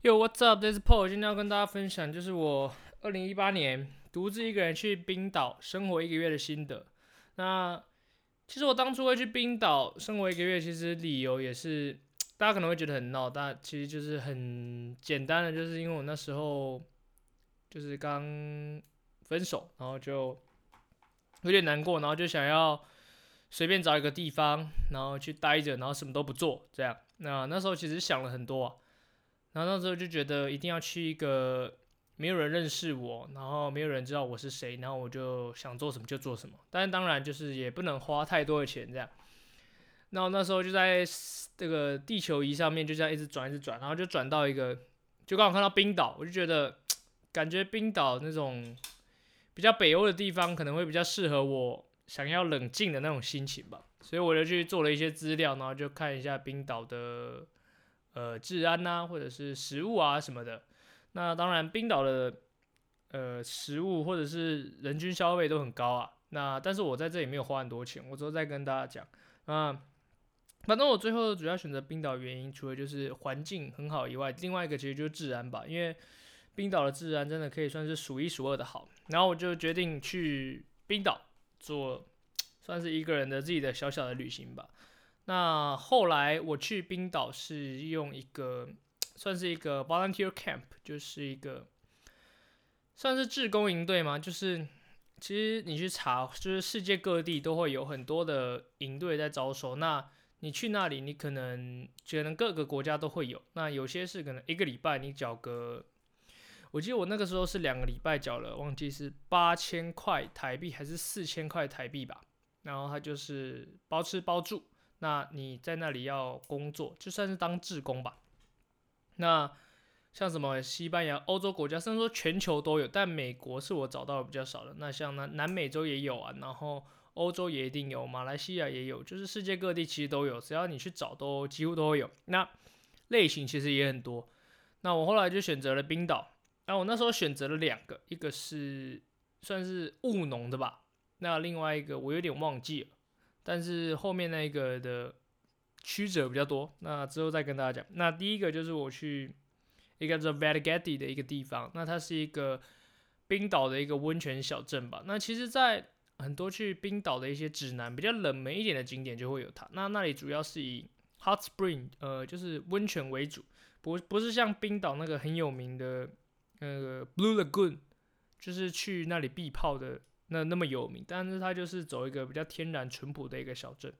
Yo, what's up? This is Paul. 今天要跟大家分享，就是我二零一八年獨自一個人去冰島生活一個月的心得。那其實我當初會去冰島生活一個月，其實理由也是大家可能會覺得很鬧，但其實就是很簡單的，就是因為我那時候就是剛分手，然後就有點難過，然後就想要隨便找一個地方，然後去待着，然後什麼都不做這樣。那那時候其實想了很多啊。然後那時候就覺得一定要去一個沒有人認識我，然後沒有人知道我是誰，然後我就想做什麼就做什麼。但是當然就是也不能花太多的錢這樣。那那時候就在這個地球儀上面就這樣一直轉一直轉，然後就轉到一個，就剛好看到冰島，我就覺得感覺冰島那種比較北歐的地方可能會比較適合我想要冷靜的那種心情吧。所以我就去做了一些資料，然後就看一下冰島的。呃，治安吶、啊，或者是食物啊什麼的，那當然冰島的呃食物或者是人均消費都很高啊。那但是我在這裡沒有花很多錢，我之後再跟大家講。那、嗯、反正我最後主要選擇冰島原因，除了就是環境很好以外，另外一個其實就是治安吧，因為冰島的治安真的可以算是數一數二的好。然後我就決定去冰島做，算是一個人的自己的小小的旅行吧。那後來我去冰島是用一個，算是一個 volunteer camp，就是一個算是志工營隊嘛。就是其實你去查，就是世界各地都會有很多的營隊在招收。那你去那裡，你可能覺得各個國家都會有。那有些是可能一個禮拜你繳個，我記得我那個時候是兩個禮拜繳了，忘記是八千塊台幣還是四千塊台幣吧。然後它就是包吃包住。那你在那裡要工作，就算是當志工吧。那像什麼西班牙、歐洲國家，雖然說全球都有，但美國是我找到的比較少的。那像南南美洲也有啊，然後歐洲也一定有，馬來西亞也有，就是世界各地其實都有，只要你去找，都幾乎都有。那類型其實也很多。那我後來就選擇了冰島。那我那時候選擇了兩個，一個是算是務農的吧，那另外一個我有點忘記了。但是後面那個的曲折比較多，那之後再跟大家講。那第一個就是我去一個叫 Hveragerði 的一個地方，那它是一個冰島的一個溫泉小鎮吧。那其實，在很多去冰島的一些指南，比較冷門一點的景點就會有它。那那裡主要是以 hot spring，呃，就是溫泉為主，不不是像冰島那個很有名的，那個 Blue Lagoon，就是去那裡必泡的。那那麼有名，但是它就是走一個比較天然淳樸的一個小鎮。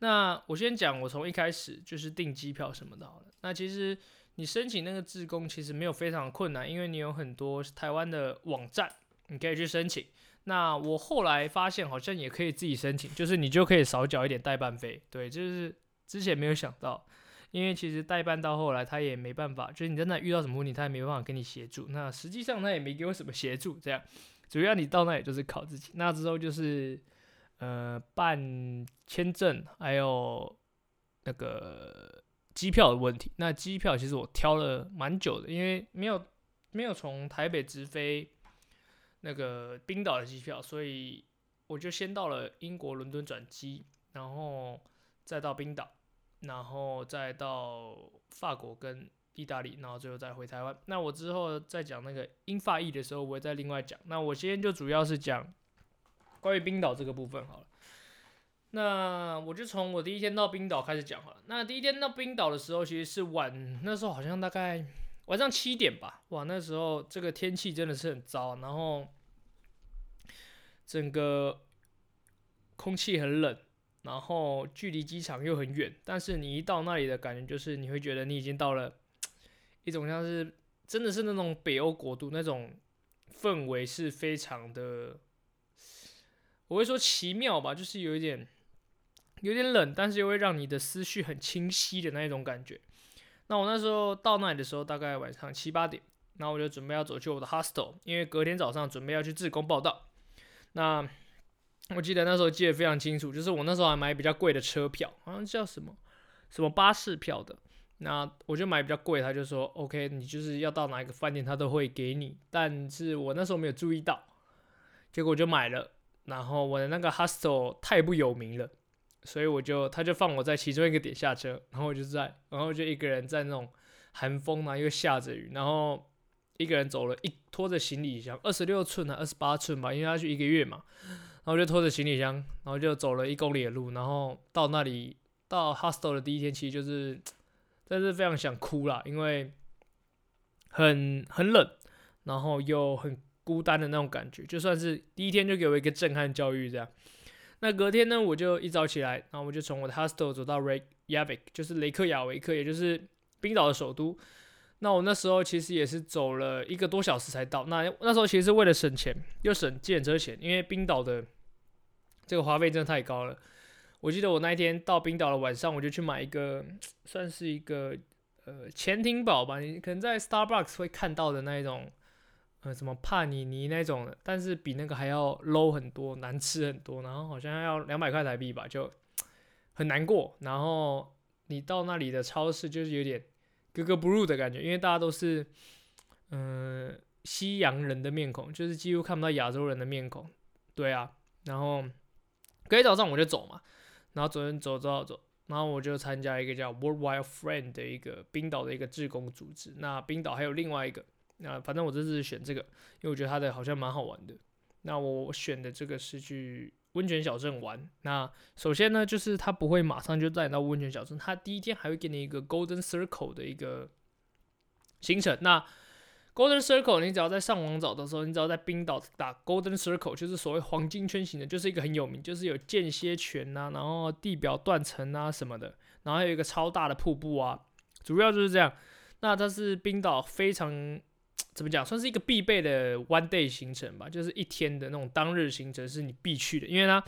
那我先講，我從一開始就是訂機票什麼的好了。那其實你申請那個志工，其實沒有非常困難，因為你有很多台灣的網站你可以去申請。那我後來發現好像也可以自己申請，就是你就可以少繳一點代辦費。對，就是之前沒有想到，因為其實代辦到後來他也沒辦法，就是你在那遇到什麼問題，他也沒辦法跟你協助。那實際上他也沒給我什麼協助，這樣。主要你到那裡就是靠自己，那之後就是，呃，辦簽證，還有那個機票的問題。那機票其實我挑了蠻久的，因為沒有沒有從台北直飛那個冰島的機票，所以我就先到了英國倫敦轉機，然後再到冰島，然後再到法國跟。意大利，然後最後再回臺灣。那我之後再講那個英法意的時候，我也再另外講。那我今天就主要是講關於冰島這個部分好了。那我就從我第一天到冰島開始講好了。那第一天到冰島的時候，其實是晚，那時候好像大概晚上七點吧。哇，那時候這個天氣真的是很糟，然後整個空氣很冷，然後距離機場又很遠。但是你一到那裡的感覺，就是你會覺得你已經到了。一種像是真的是那種北歐國度那種氛圍，是非常的，我會說奇妙吧，就是有一點有點冷，但是又會讓你的思緒很清晰的那一種感覺。那我那時候到那裡的時候，大概晚上七八點，那我就準備要走去我的 hostel，因為隔天早上準備要去志工報道。那我記得那時候記得非常清楚，就是我那時候還買比較貴的車票，好、啊、像叫什麼什麼巴士票的。那我就買比較貴，他就說 OK，你就是要到哪一個飯店，他都會給你。但是我那時候沒有注意到，結果我就買了。然後我的那個 hostel 太不有名了，所以我就他就放我在其中一個點下車，然後我就在，然後我就一個人在那種寒風啊，然後又下着雨，然後一個人走了一拖着行李箱，二十六寸的，二十八寸吧，因為他要去一個月嘛，然後就拖着行李箱，然後就走了一公里的路，然後到那裡到 hostel 的第一天，其實就是。但是非常想哭啦，因為很很冷，然後又很孤單的那種感覺。就算是第一天就給我一個震撼教育這樣。那隔天呢，我就一早起來，然後我就從我的 hostel 走到 Reykjavik 就是雷克雅維克，也就是冰島的首都。那我那時候其實也是走了一個多小時才到。那那時候其實是為了省錢，又省計程車錢，因為冰島的這個花費真的太高了。我記得我那一天到冰島的晚上，我就去買一個，算是一個呃潛艇堡吧，你可能在 Starbucks 會看到的那一種，呃，什麼帕尼尼那種的，但是比那個還要 low 很多，難吃很多，然後好像要兩百塊台幣吧，就很難過。然後你到那裡的超市就是有點格格不入的感覺，因為大家都是嗯、呃、西洋人的面孔，就是幾乎看不到亞洲人的面孔。對啊，然後隔天早上我就走嘛。然後昨天走，走，走，走，然後我就參加一個叫 Worldwide Friend 的一個冰島的一個志工組織。那冰島還有另外一個，那反正我這次是選這個，因為我覺得它的好像蠻好玩的。那我選的這個是去溫泉小鎮玩。那首先呢，就是它不會馬上就帶你到溫泉小鎮，它第一天還會給你一個 Golden Circle 的一個行程。那 Golden Circle，你只要在上網找的時候，你只要在冰島打 Golden Circle，就是所謂黃金圈型的，就是一個很有名，就是有間歇泉啊，然後地表斷層啊什麼的，然後還有一個超大的瀑布啊，主要就是這樣。那它是冰島非常怎麼講，算是一個必備的 one day 行程吧，就是一天的那種當日行程是你必去的，因為它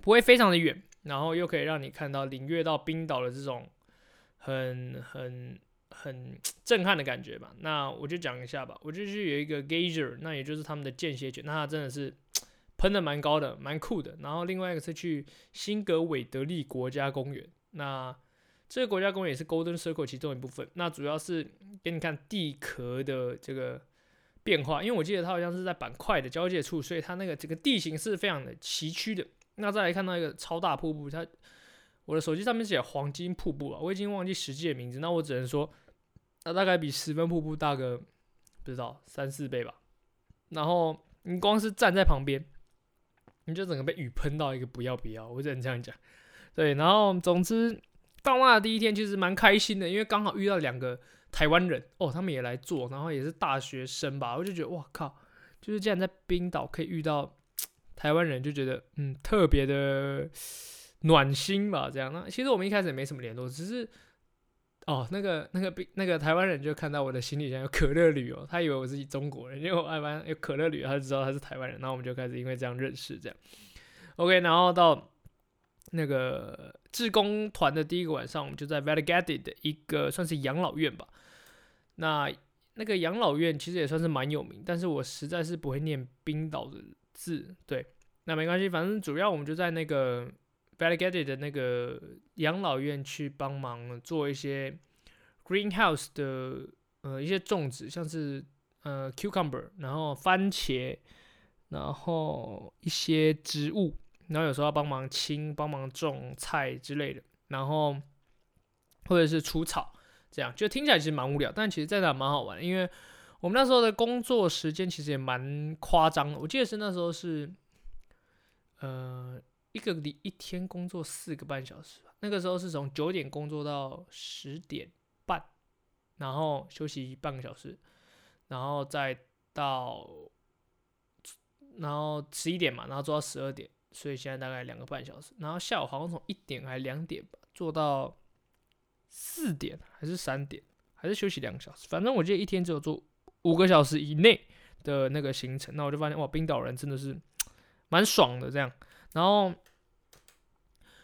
不會非常的遠，然後又可以讓你看到領略到冰島的這種很很。很震撼的感覺吧？那我就講一下吧。我就是有一個 Geyser，那也就是他們的間歇泉，那它真的是噴的蠻高的，蠻酷的。然後另外一個是去辛格韋德利國家公園，那這個國家公園也是 Golden Circle 其中一部分。那主要是給你看地殼的這個變化，因為我記得它好像是在板塊的交界處，所以它那個整個地形是非常的崎嶇的。那再來看到一個超大瀑布，它我的手機上面寫黃金瀑布啊，我已經忘記實際的名字，那我只能說。那、啊、大概比十分瀑布大個不知道三四倍吧。然後你光是站在旁邊，你就整個被雨噴到一個不要不要，我只能這樣講。對，然後總之到那的第一天就是蠻開心的，因為剛好遇到兩個台灣人哦，他們也來做，然後也是大學生吧，我就覺得哇靠，就是這樣在冰島可以遇到台灣人，就覺得嗯特別的暖心吧。這樣那、啊、其實我們一開始也沒什麼聯絡，只是。哦，那個那個那個台灣人就看到我的行李箱有可樂旅遊哦，他以為我自己中國人，因為我愛玩有可樂旅遊，他就知道他是台灣人，那我們就開始因為這樣認識這樣。OK，然後到那個志工團的第一個晚上，我們就在 Hveragerði 的一個算是養老院吧。那那個養老院其實也算是蠻有名，但是我實在是不會念冰島的字，對，那沒關係，反正主要我們就在那個。Belgated 的那個養老院去幫忙做一些 greenhouse 的呃一些種植，像是呃 cucumber，然後番茄，然後一些植物，然後有時候要幫忙清幫忙種菜之類的，然後或者是除草，這樣。就聽起來其實蠻無聊，但其實在那蠻好玩，因為我們那時候的工作時間其實也蠻誇張的，我記得是那時候是呃。一個你一天工作四個半小時吧，那個時候是從九點工作到十點半，然後休息半個小時，然後再到然後十一點嘛，然後做到十二點，所以現在大概兩個半小時。然後下午好像從一點還兩點吧，做到四點還是三點，還是休息兩個小時。反正我記得一天只有做五個小時以內的那個行程，那我就發現，哇，冰島人真的是蠻爽的這樣。然後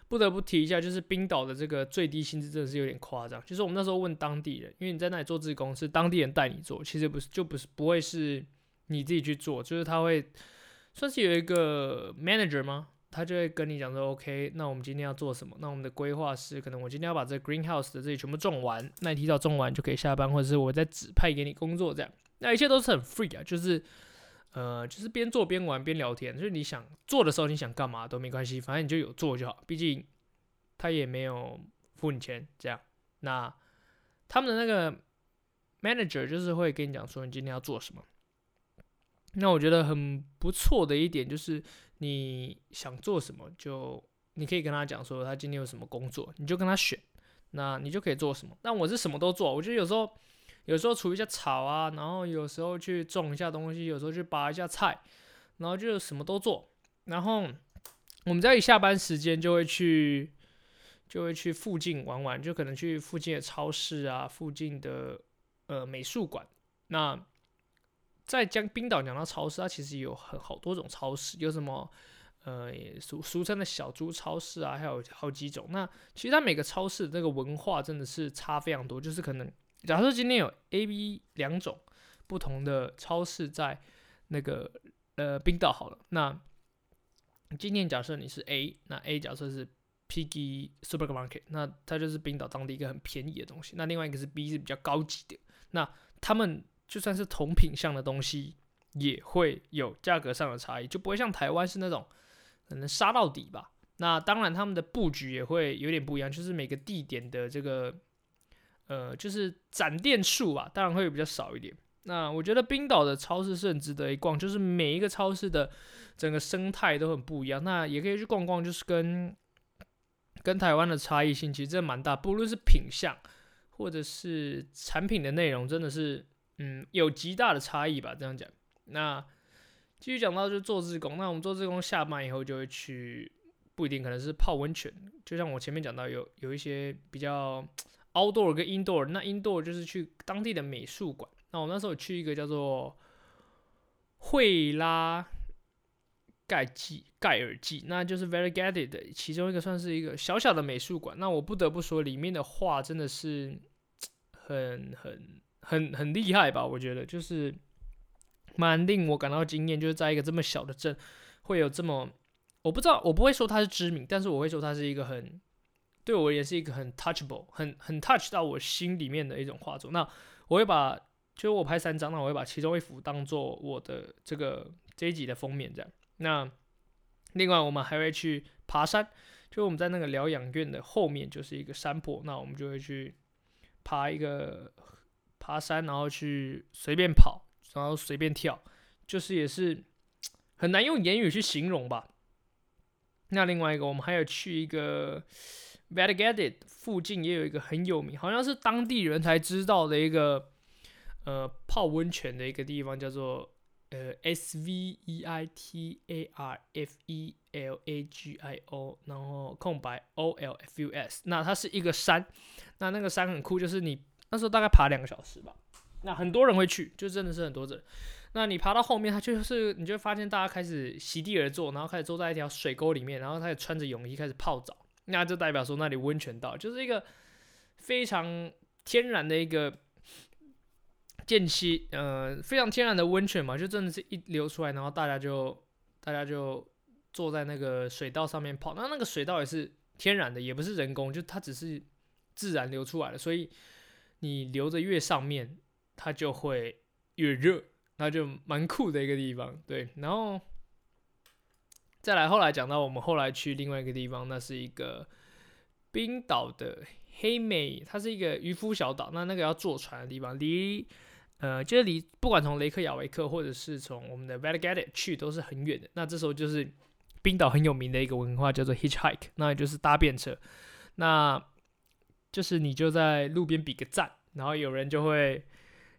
不得不提一下，就是冰島的這個最低薪資真的是有點誇張。就是我們那時候問當地人，因為你在那裡做志工是當地人帶你做，其實不是，就不是不會是你自己去做，就是他會算是有一個 manager 嗎？他就會跟你講說，OK，那我們今天要做什麼？那我們的規劃是，可能我今天要把這個 greenhouse 的這裡全部種完，那你提早種完就可以下班，或者是我在指派給你工作這樣。那一切都是很 free 啊，就是。呃，就是邊做邊玩邊聊天，就是你想做的時候，你想幹嘛都沒關係，反正你就有做就好。畢竟他也沒有付你錢，這樣。那他們的那個 manager 就是會跟你講說你今天要做什麼。那我覺得很不錯的一點就是你想做什麼，就你可以跟他講說他今天有什麼工作，你就跟他選，那你就可以做什麼。但我是什麼都做，我覺得有時候。有時候除一下草啊，然後有時候去種一下東西，有時候去拔一下菜，然後就什麼都做。然後我們在一下班時間就會去，就會去附近玩玩，就可能去附近的超市啊，附近的呃美術館。那在江冰島講到超市，它其實有很好多種超市，有什麼呃也俗俗稱的小豬超市啊，還有好幾種。那其實它每個超市這個文化真的是差非常多，就是可能。假設今天有 A、B 兩種不同的超市在那個呃冰島好了，那今天假設你是 A，那 A 假設是 Piggy Supermarket，那它就是冰島當地一個很便宜的東西。那另外一個是 B 是比較高級的。那他們就算是同品相的東西，也會有價格上的差異，就不會像台灣是那種可能殺到底吧。那當然他們的布局也會有點不一樣，就是每個地點的這個。呃，就是展店數吧，當然會比較少一點。那我覺得冰島的超市是很值得一逛，就是每一個超市的整個生態都很不一樣。那也可以去逛逛，就是跟跟台灣的差異性其實真的蠻大，不論是品項或者是產品的內容，真的是嗯有極大的差異吧。這樣講，那繼續講到就是做志工，那我們做志工下班以後就會去，不一定可能是泡溫泉，就像我前面講到有有一些比較。Outdoor 跟 indoor，那 indoor 就是去當地的美術館。那我那時候去一個叫做惠拉蓋季蓋爾濟，那就是 Very Getty 的其中一個，算是一個小小的美術館。那我不得不說，裡面的畫真的是很很很很厲害吧。我覺得就是蠻令我感到驚艷，就是在一個這麼小的鎮會有這麼……我不知道，我不會說它是知名，但是我會說它是一個很。對我也是一個很 touchable 很很 touch 到我心裡面的一種畫作。那我會把，就我拍三張，那我會把其中一幅當做我的這個這一集的封面這樣。那另外我們還會去爬山，就我們在那個療養院的後面就是一個山坡，那我們就會去爬一個爬山，然後去隨便跑，然後隨便跳，就是也是很難用言語去形容吧。那另外一個，我們還要去一個。Badgated 附近也有一個很有名，好像是當地人才知道的一個呃泡溫泉的一個地方，叫做呃 S V E I T A R F E L A G I O，然後空白 O L F U S。那它是一個山，那那個山很酷，就是你那時候大概爬兩個小時吧。那很多人會去，就真的是很多人。那你爬到後面，它就是你就發現大家開始席地而坐，然後開始坐在一條水溝裡面，然後他也穿着泳衣開始泡澡。那就代表說那裡溫泉道就是一個非常天然的一個間隙，呃，非常天然的溫泉嘛，就真的是一流出來，然後大家就大家就坐在那個水道上面泡，那那個水道也是天然的，也不是人工，就它只是自然流出來的，所以你流着越上面，它就會越熱，那就蠻酷的一個地方，對，然後。再來，後來講到我們後來去另外一個地方，那是一個冰島的黑妹，它是一個漁夫小島。那那個要坐船的地方，離呃就是離不管從雷克雅維克或者是從我們的惠拉蓋爾濟去都是很遠的。那這時候就是冰島很有名的一個文化叫做 Hitchhike，那也就是搭便車。那就是你就在路邊比個讚，然後有人就會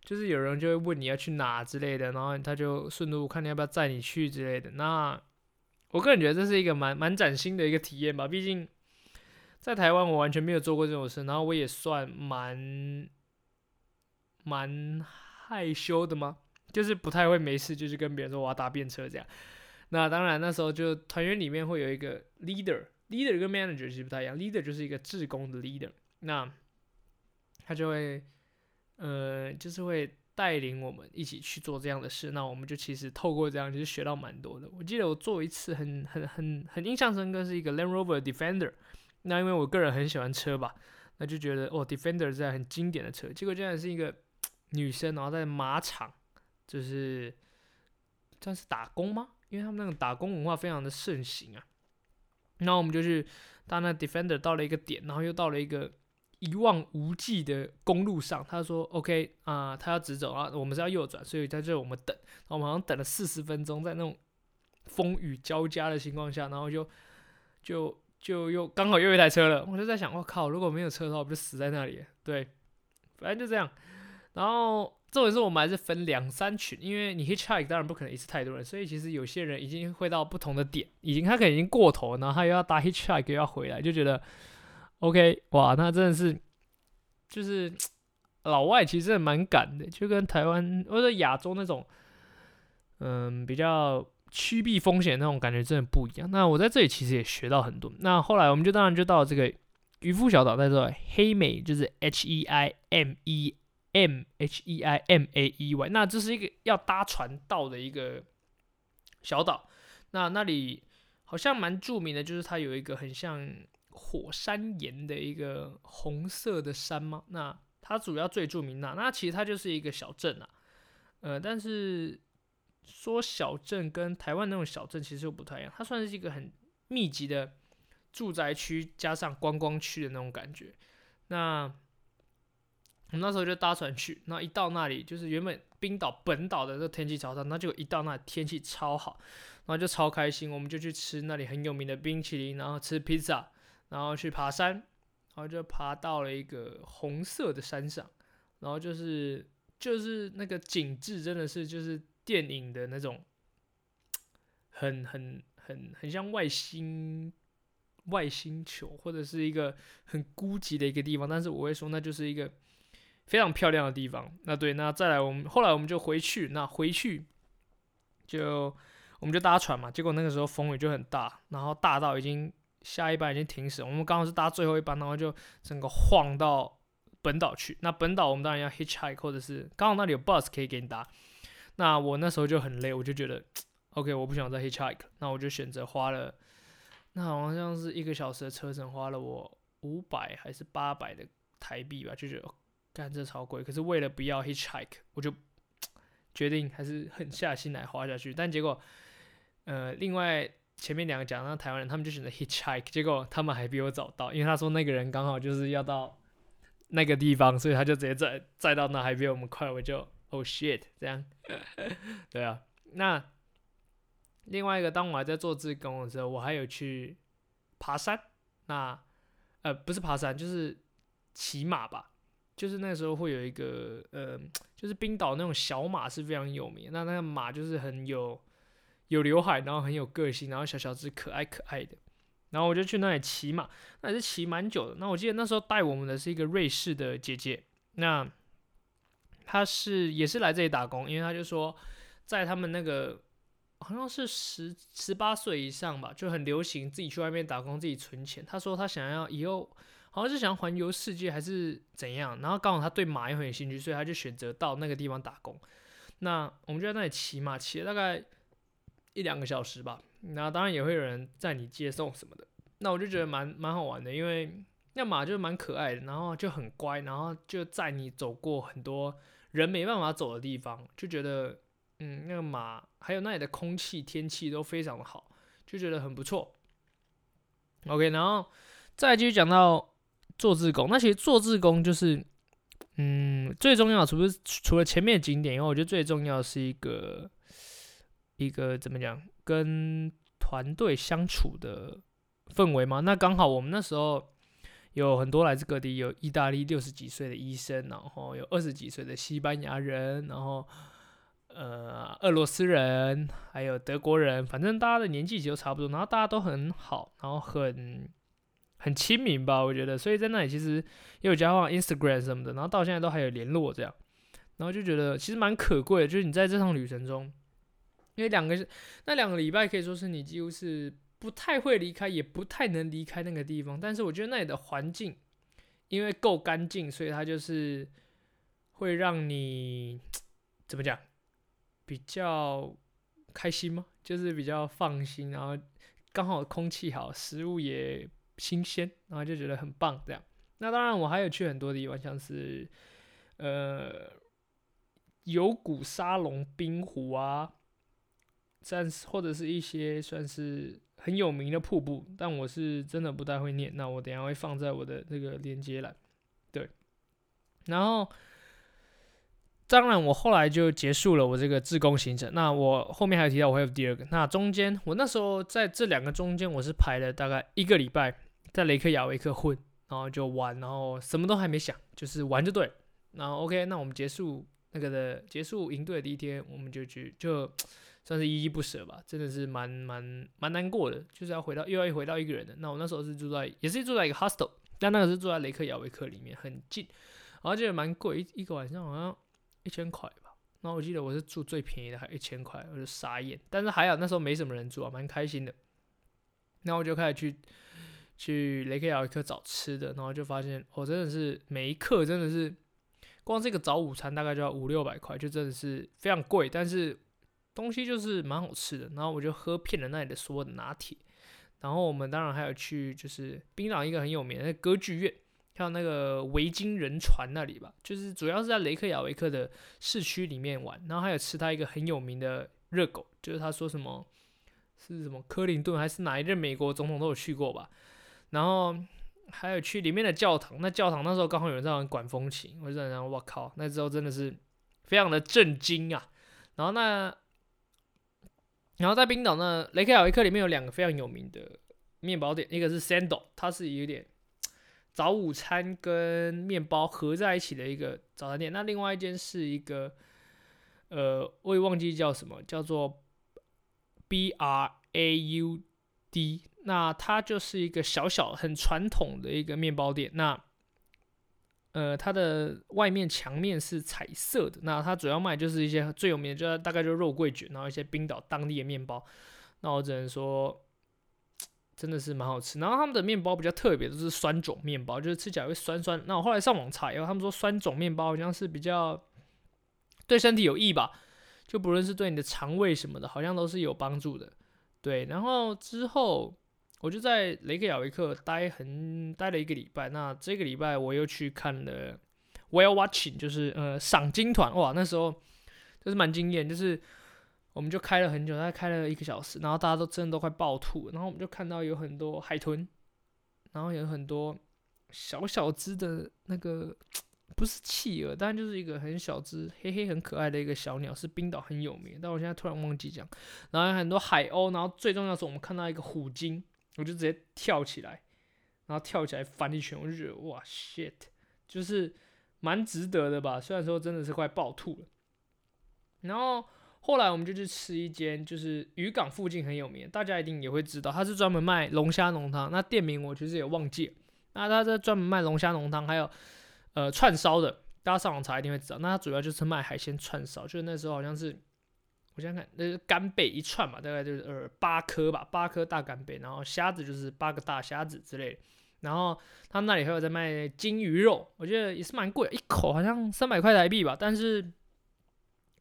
就是有人就會問你要去哪之類的，然後他就順路看你要不要載你去之類的。那我個人覺得這是一個蠻蠻嶄新的一個體驗吧，畢竟在台灣我完全沒有做過這種事，然後我也算蠻蠻害羞的嘛，就是不太會沒事就是跟別人說我要搭便車這樣。那當然那時候就團員裡面會有一個 leader，leader leader 跟 manager 其實不太一樣，leader 就是一個志工的 leader，那他就會呃就是會。帶領我們一起去做這樣的事，那我們就其實透過這樣就學到蠻多的。我記得我做一次很很很很印象深刻，是一個 Land Rover Defender。那因為我個人很喜歡車吧，那就覺得哦，Defender 是很經典的車。結果竟然是一個女生，然後在馬場，就是算是打工嗎？因為他們那種打工文化非常的盛行啊。那我們就去當那 Defender 到了一個點，然後又到了一個。一望無際的公路上，他說：“OK 啊、呃，他要直走啊，我們是要右轉，所以在這我們等。然後我們好像等了四十分鐘，在那種風雨交加的情況下，然後就就就又剛好又一台車了。我就在想，我靠，如果沒有車的話，我就死在那裡了。對，反正就這樣。然後這也是我們還是分兩三群，因為你 hitchhike 當然不可能一次太多人，所以其實有些人已經回到不同的點，已經他可能已經過頭了，然後他又要搭 hitchhike 又要回來，就覺得。” OK，哇，那真的是，就是老外其實也蠻敢的，就跟台灣或者亞洲那種，嗯，比較趨避風險那種感覺真的不一樣。那我在這裡其實也學到很多。那後來我們就當然就到了這個漁夫小島，在這黑美就是 H E I M E M H E I M A E Y，那這是一個要搭船到的一個小島。那那裡好像蠻著名的，就是它有一個很像。火山岩的一個紅色的山嗎？那它主要最著名，那那其實它就是一個小鎮啊，呃，但是說小鎮跟台灣那種小鎮其實又不太一樣，它算是一個很密集的住宅區加上觀光區的那種感覺。那我們那時候就搭船去，那一到那裡就是原本冰島本島的這天氣潮上，那就一到那天氣超好，然後就超開心，我們就去吃那裡很有名的冰淇淋，然後吃披薩。然後去爬山，然後就爬到了一個紅色的山上，然後就是就是那個景致真的是就是電影的那種很，很很很很像外星外星球或者是一個很孤寂的一個地方，但是我會說那就是一個非常漂亮的地方。那對，那再來我們後來我們就回去，那回去就我們就搭船嘛，結果那個時候風雨就很大，然後大到已經。下一班已經停駛，我們剛好是搭最後一班，然後就整個晃到本島去。那本島我們當然要 hitchhike，或者是剛好那裡有 bus 可以給你搭。那我那時候就很累，我就覺得 OK，我不想再 hitchhike，那我就選擇花了，那好像是一個小時的車程，花了我五百還是八百的台幣吧，就覺得、哦、幹這超貴。可是為了不要 hitchhike，我就決定還是狠下心來花下去。但結果，呃，另外。前面兩個講到台灣人，他們就選擇 hitchhike，結果他們還比我早到，因為他說那個人剛好就是要到那個地方，所以他就直接載載到那還比我們快，我就 oh shit，這樣， 對啊。那另外一個，當我還在做志工的時候，我還有去爬山，那呃不是爬山，就是騎馬吧，就是那時候會有一個呃，就是冰島那種小馬是非常有名，那那個馬就是很有。有劉海，然後很有個性，然後小小隻，可愛可愛的。然後我就去那裡騎馬，那也是騎蠻久的。那我記得那時候帶我們的是一個瑞士的姐姐，那她是也是來這裡打工，因為她就說在他們那個好像是十十八歲以上吧，就很流行自己去外面打工，自己存錢。她說她想要以後好像是想環遊世界還是怎樣，然後剛好她對馬也很有興趣，所以她就選擇到那個地方打工。那我們就在那裡騎馬，騎了大概。一兩個小時吧，那當然也會有人載你接送什麼的，那我就覺得蠻蠻好玩的，因為那馬就蠻可愛的，然後就很乖，然後就在你走過很多人沒辦法走的地方，就覺得嗯，那個馬還有那裡的空氣天氣都非常的好，就覺得很不錯。OK，然後再繼續講到做志工，那其實做志工就是，嗯，最重要，除了除了前面的景點，以外，我覺得最重要是一個。一個怎麼講，跟團隊相處的氛圍嘛？那剛好我們那時候有很多來自各地，有意大利六十幾歲的醫生，然後有二十幾歲的西班牙人，然後呃俄羅斯人，還有德國人，反正大家的年紀就差不多，然後大家都很好，然後很很親民吧？我覺得，所以在那裡其實也有加上 Instagram 什麼的，然後到現在都還有聯絡這樣，然後就覺得其實蠻可貴的，就是你在這趟旅程中。因為兩個是那兩個禮拜，可以說是你幾乎是不太會離開，也不太能離開那個地方。但是我覺得那裡的環境，因為夠乾淨，所以它就是會讓你怎麼講比較開心嗎？就是比較放心，然後剛好空氣好，食物也新鮮，然後就覺得很棒。這樣。那當然，我還有去很多地方，像是呃有古沙龍冰湖啊。算或者是一些算是很有名的瀑布，但我是真的不太會念。那我等下會放在我的那個連接欄。對，然後，當然我後來就結束了我這個志工行程。那我後面還有提到我還有第二個。那中間我那時候在這兩個中間，我是排了大概一個禮拜在雷克雅維克混，然後就玩，然後什麼都還沒想，就是玩就對了。那 OK，那我們結束那個的結束營隊的第一天，我們就去就。但是依依不舍吧，真的是蠻蠻蠻難過的，就是要回到又要回到一個人的。那我那時候是住在也是住在一個 hostel，但那個是住在雷克雅維克裡面，很近，然後覺得蠻貴，一一個晚上好像一千塊吧。那我記得我是住最便宜的，還一千塊，我就傻眼。但是還好那時候沒什麼人住，啊，蠻開心的。然後我就開始去去雷克雅維克找吃的，然後就發現我、哦、真的是每一刻真的是，光這個早午餐大概就要五六百塊，就真的是非常貴，但是。東西就是蠻好吃的，然後我就喝遍了那裡的所有的拿鐵，然後我們當然還有去就是冰島一個很有名的歌劇院，叫那個維京人船那裡吧，就是主要是在雷克雅維克的市區裡面玩，然後還有吃他一個很有名的熱狗，就是他說什麼是什麼克林頓還是哪一任美國總統都有去過吧，然後還有去裡面的教堂，那教堂那時候剛好有人在玩管風琴，我忍讓我靠，那時候真的是非常的震驚啊，然後那。然後在冰島呢，雷克雅未克裡面有兩個非常有名的麵包店，一個是 Sandal，它是有點早午餐跟麵包合在一起的一個早餐店。那另外一間是一個，呃，我也忘記叫什麼，叫做 Braud，那它就是一個小小很傳統的一個麵包店。那呃，它的外面牆面是彩色的。那它主要賣就是一些最有名的，就大概就是肉桂卷，然後一些冰島當地的面包。那我只能說，真的是蠻好吃。然後他們的面包比較特別的是酸種麵包，就是吃起來會酸酸。那我後來上網查，然後他們說酸種麵包好像是比較對身體有益吧，就不論是對你的腸胃什麼的，好像都是有幫助的。對，然後之後。我就在雷克雅維克待很待了一個禮拜。那這個禮拜我又去看了《whale watching》，就是呃，《賞鯨團》。哇，那時候就是蠻驚豔，就是我們就開了很久，大概開了一個小時，然後大家都真的都快爆吐。然後我們就看到有很多海豚，然後有很多小小隻的那個不是企鵝，但就是一個很小隻、黑黑很可愛的一個小鳥，是冰島很有名。但我現在突然忘記講。然後有很多海鷗，然後最重要的是，我們看到一個虎鯨。我就直接跳起來，然後跳起來翻一圈，我就覺得哇 shit，就是蠻值得的吧。雖然說真的是快爆吐了。然後後來我們就去吃一間，就是漁港附近很有名，大家一定也會知道，它是專門賣龍蝦濃湯。那店名我其實也忘記了。那它這專門賣龍蝦濃湯，還有呃串燒的，大家上網查一定會知道。那它主要就是賣海鮮串燒，就是那時候好像是。我想看，那、呃、是干貝一串嘛，大概就是呃八顆吧，八顆大干貝，然後蝦子就是八個大蝦子之類的，然後他那裡還有在賣鯨魚肉，我覺得也是蠻貴，一口好像三百塊台幣吧，但是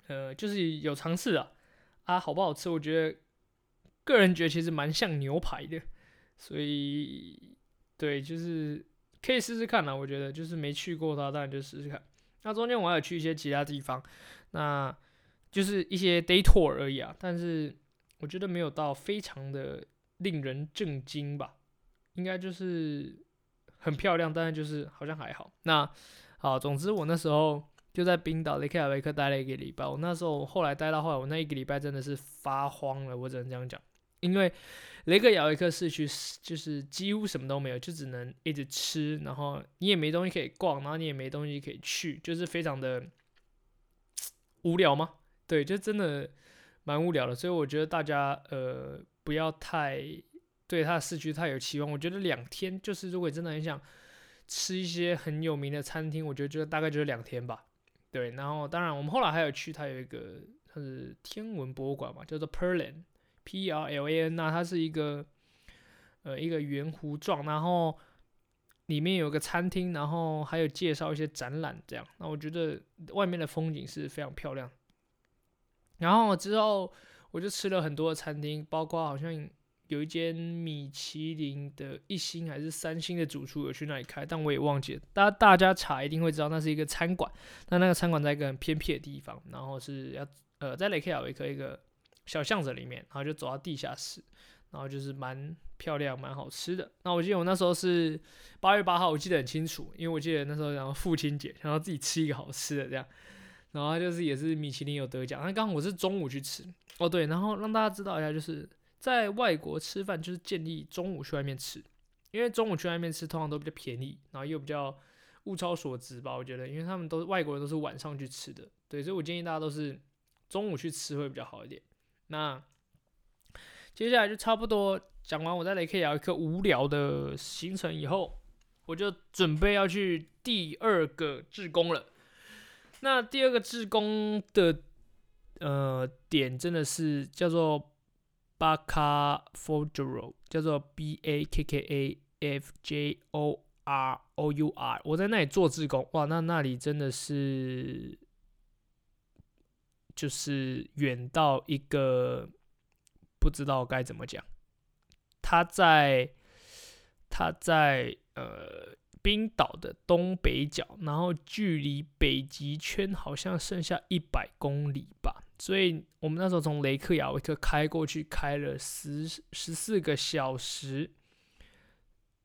呃就是有嘗試啊，啊好不好吃？我覺得個人覺得其實蠻像牛排的，所以對，就是可以試試看啦。我覺得就是沒去過的話，當然就試試看。那中間我還有去一些其他地方，那。就是一些 day tour 而已啊，但是我覺得沒有到非常的令人震驚吧，應該就是很漂亮，但是就是好像還好。那好，總之我那時候就在冰島雷克雅未克待了一個禮拜，我那時候我後來待到後來，我那一個禮拜真的是發慌了，我只能這樣講，因為雷克雅未克市區就是幾乎什麼都沒有，就只能一直吃，然後你也沒東西可以逛，然後你也沒東西可以去，就是非常的無聊嗎？對，就真的蠻無聊的，所以我覺得大家呃不要太對它的市區太有期望。我覺得兩天就是，如果真的很想吃一些很有名的餐廳，我覺得就大概就是兩天吧。對，然後當然我們後來還有去它有一個它是天文博物館嘛，叫做 Perlan, P E R L I N P E R L A N 啊，它是一個呃一個圓弧狀，然後裡面有個餐廳，然後還有介紹一些展覽這樣。那我覺得外面的風景是非常漂亮的。然後之後，我就吃了很多的餐廳，包括好像有一間米其林的一星還是三星的主廚有去那裡開，但我也忘記了。大家大家查一定會知道，那是一個餐館。那那個餐館在一個很偏僻的地方，然後是要呃在雷克雅維克一個小巷子裡面，然後就走到地下室，然後就是蠻漂亮、蠻好吃的。那我記得我那時候是八月八號，我記得很清楚，因為我記得那時候然後父親節，想要自己吃一個好吃的這樣。然後就是也是米其林有得獎，那剛剛我是中午去吃，哦、oh, 對，然後讓大家知道一下，就是在外國吃飯就是建議中午去外面吃，因為中午去外面吃通常都比較便宜，然後又比較物超所值吧，我覺得，因為他們都是外國人都是晚上去吃的，對，所以我建議大家都是中午去吃會比較好一點。那接下來就差不多講完，我在雷克雅維克一無聊的行程以後，我就準備要去第二個志工了。那第二個志工的呃點真的是叫做 Bakkafjörður 叫做 B-A-K-K-A-F-J-O-R-O-U-R。我在那裡做志工，哇，那那裡真的是就是遠到一個不知道該怎麼講。他在他在呃。冰島的東北角，然後距離北極圈好像剩下一百公里吧，所以我們那時候從雷克雅未克開過去，開了十十四個小時，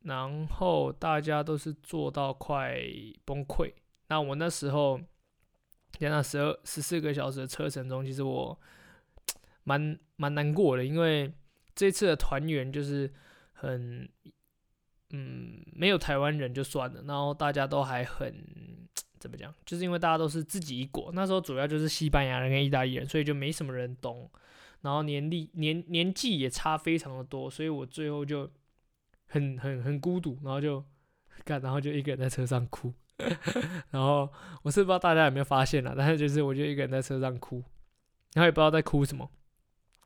然後大家都是坐到快崩潰。那我那時候在那十二十四個小時的車程中，其實我蠻蠻難過的，因為這次的團員就是很。嗯，沒有台灣人就算了，然後大家都還很，怎麼講，就是因為大家都是自己一國，那時候主要就是西班牙人跟意大利人，所以就沒什麼人懂。然後年齡年年紀也差非常的多，所以我最後就很很很孤獨，然後就幹，然後就一個人在車上哭。 然後我是不知道大家有沒有發現啦，但是就是我就一個人在車上哭，然後也不知道在哭什麼。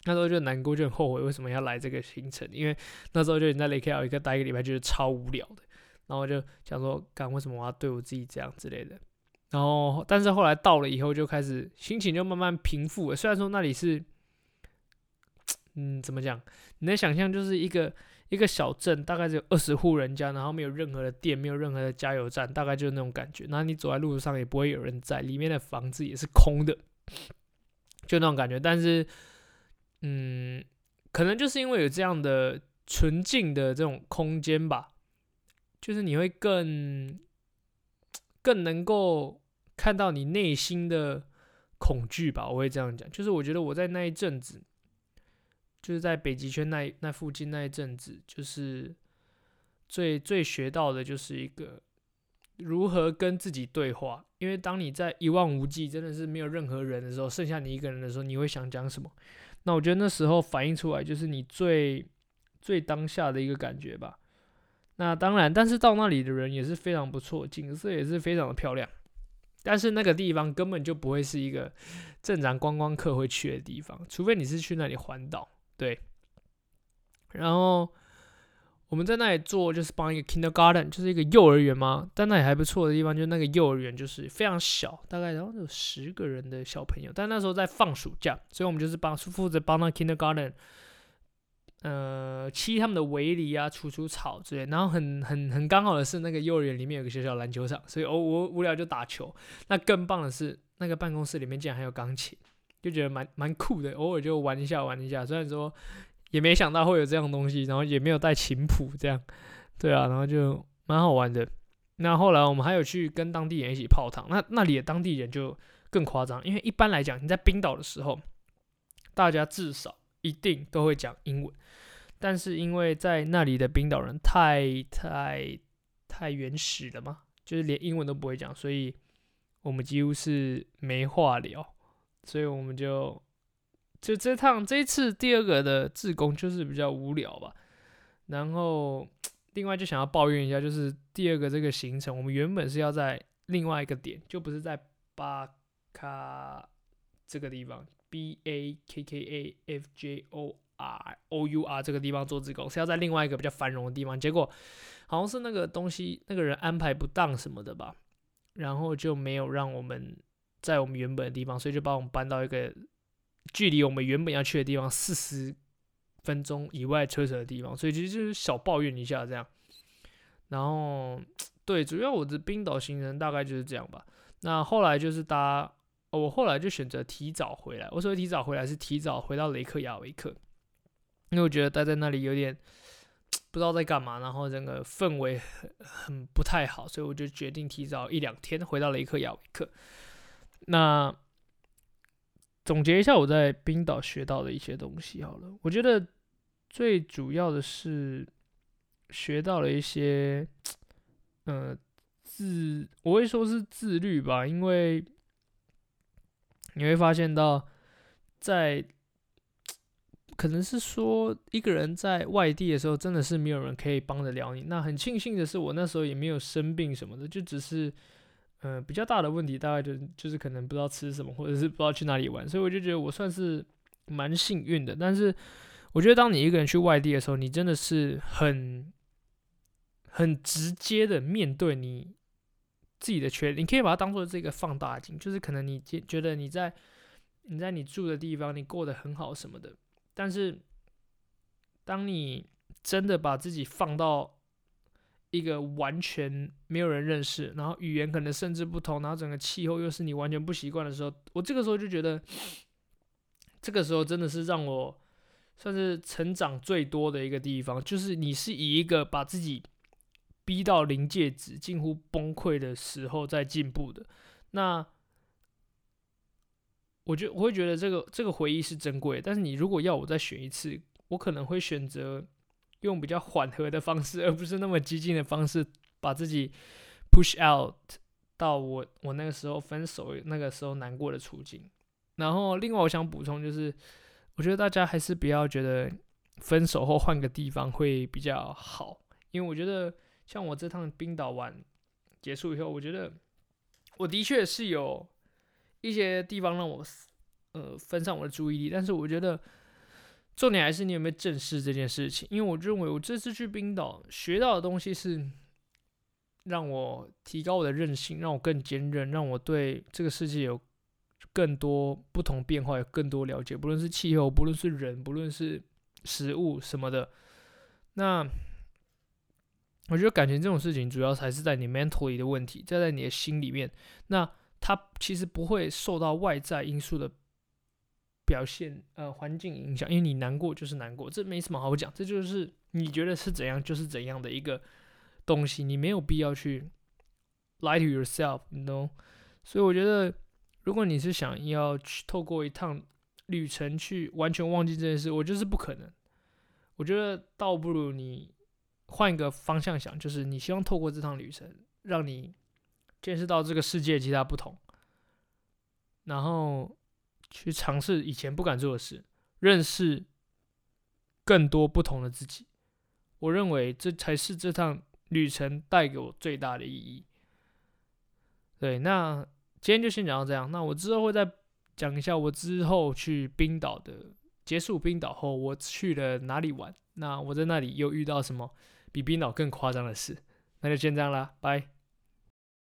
那時候就難過，就很後悔為什麼要來這個行程。因為那時候就在雷克雅未克待一個禮拜，就是超無聊的。然後就想說，幹為什麼我要對我自己這樣之類的。然後，但是後來到了以後，就開始心情就慢慢平復了。雖然說那裡是，嗯，怎麼講？你能想象，就是一個一個小鎮，大概只有二十戶人家，然後沒有任何的店，沒有任何的加油站，大概就是那種感覺。那你走在路上也不會有人在，裡面的房子也是空的，就那種感覺。但是，嗯，可能就是因為有這樣的純淨的這種空間吧，就是你會更更能夠看到你內心的恐懼吧。我會這樣講，就是我覺得我在那一陣子，就是在北極圈那那附近那一陣子，就是最最學到的就是一個如何跟自己對話。因為當你在一望無際，真的是沒有任何人的時候，剩下你一個人的時候，你會想講什麼？那我覺得那時候反映出來，就是你最最當下的一個感覺吧。那當然，但是到那裡的人也是非常不錯，景色也是非常的漂亮。但是那個地方根本就不會是一個正常觀光客會去的地方，除非你是去那裡環島，對。然後。我們在那裡做，就是幫一個 kindergarten，就是一個幼兒園嘛。但那裡還不錯的地方，就是那個幼兒園就是非常小，大概然後、哦、有十個人的小朋友。但那時候在放暑假，所以我們就是幫負責幫那 kindergarten，呃，砌他們的圍籬啊，除除草之類。然後很很很剛好的是，那個幼兒園裡面有個小小籃球場，所以哦我無聊就打球。那更棒的是，那個辦公室裡面竟然還有鋼琴，就覺得蠻蠻酷的，偶爾就玩一下玩一下。雖然說。也沒想到會有這樣東西，然後也沒有帶琴譜，這樣，對啊，然後就蠻好玩的。那後來我們還有去跟當地人一起泡湯，那那裡的當地人就更誇張，因為一般來講你在冰島的時候，大家至少一定都會講英文，但是因為在那裡的冰島人太太太原始了嘛，就是連英文都不會講，所以我們幾乎是沒話聊，所以我們就。就這趟這次第二個的志工就是比較無聊吧，然後另外就想要抱怨一下，就是第二個這個行程，我們原本是要在另外一個點，就不是在巴卡這個地方，B A K K A F J O R O U R 這個地方做志工，是要在另外一個比較繁榮的地方，結果好像是那個東西那個人安排不當什麼的吧，然後就沒有讓我們在我們原本的地方，所以就把我們搬到一個。距離我們原本要去的地方四十分鐘以外車程的地方，所以其實就是小抱怨一下這樣。然後，對，主要我的冰島行程大概就是這樣吧。那後來就是搭，哦，我後來就選擇提早回來。我所謂提早回來是提早回到雷克雅維克，因為我覺得待在那裡有點不知道在幹嘛，然後整個氛圍很，很不太好，所以我就決定提早一兩天回到雷克雅維克。那。總結一下我在冰島學到的一些東西，好了，我覺得最主要的是學到了一些，嗯，自我會說是自律吧，因為你會發現到在可能是說一個人在外地的時候，真的是沒有人可以幫得了你。那很慶幸的是，我那時候也沒有生病什麼的，就只是。嗯、呃，比較大的問題大概就是、就是可能不知道吃什麼，或者是不知道去哪裡玩，所以我就覺得我算是蠻幸運的。但是我覺得，當你一個人去外地的時候，你真的是很很直接的面對你自己的缺點，你可以把它當做這個放大鏡，就是可能你覺覺得你在你在你住的地方你過得很好什麼的，但是當你真的把自己放到一個完全沒有人認識，然後語言可能甚至不同，然後整個氣候又是你完全不習慣的時候，我這個時候就覺得，這個時候真的是讓我算是成長最多的一個地方，就是你是以一個把自己逼到臨界值、近乎崩潰的時候在進步的。那我就，我會覺得這個這個回憶是珍貴，但是你如果要我再選一次，我可能會選擇。用比較緩和的方式，而不是那麼激進的方式，把自己 push out 到我我那個時候分手那個時候難過的處境。然後，另外我想補充就是，我覺得大家還是不要覺得分手後換個地方會比較好，因為我覺得像我這趟冰島玩結束以後，我覺得我的確是有一些地方讓我呃分散我的注意力，但是我覺得。重點還是你有沒有正視這件事情？因為我認為我這次去冰島學到的東西是讓我提高我的韌性，讓我更堅韌，讓我對這個世界有更多不同變化，有更多了解。不論是氣候，不論是人，不論是食物什麼的，那我覺得感情這種事情主要還是在你 mental 裡的問題，在在你的心裡面。那它其實不會受到外在因素的。表現呃環境影響，因為你難過就是難過，這沒什麼好講，這就是你覺得是怎樣就是怎樣的一個東西，你沒有必要去 lie to yourself，你 you know? 所以我覺得，如果你是想要去透過一趟旅程去完全忘記這件事，我就是不可能。我覺得倒不如你換一個方向想，就是你希望透過這趟旅程，讓你見識到這個世界其他不同，然後。去嘗試以前不敢做的事，認識更多不同的自己。我認為這才是這趟旅程帶給我最大的意義。對，那今天就先講到這樣。那我之後會再講一下我之後去冰島的，結束冰島後我去了哪裡玩。那我在那裡又遇到什麼比冰島更誇張的事？那就先這樣啦，拜。